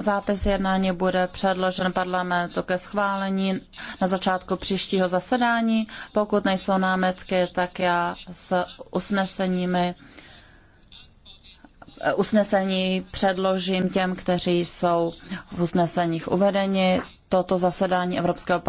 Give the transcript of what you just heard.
Zápis jednání bude předložen parlamentu ke schválení na začátku příštího zasedání. Pokud nejsou námitky, tak já s usneseními usnesení předložím těm, kteří jsou v usneseních uvedeni. Toto zasedání Evropského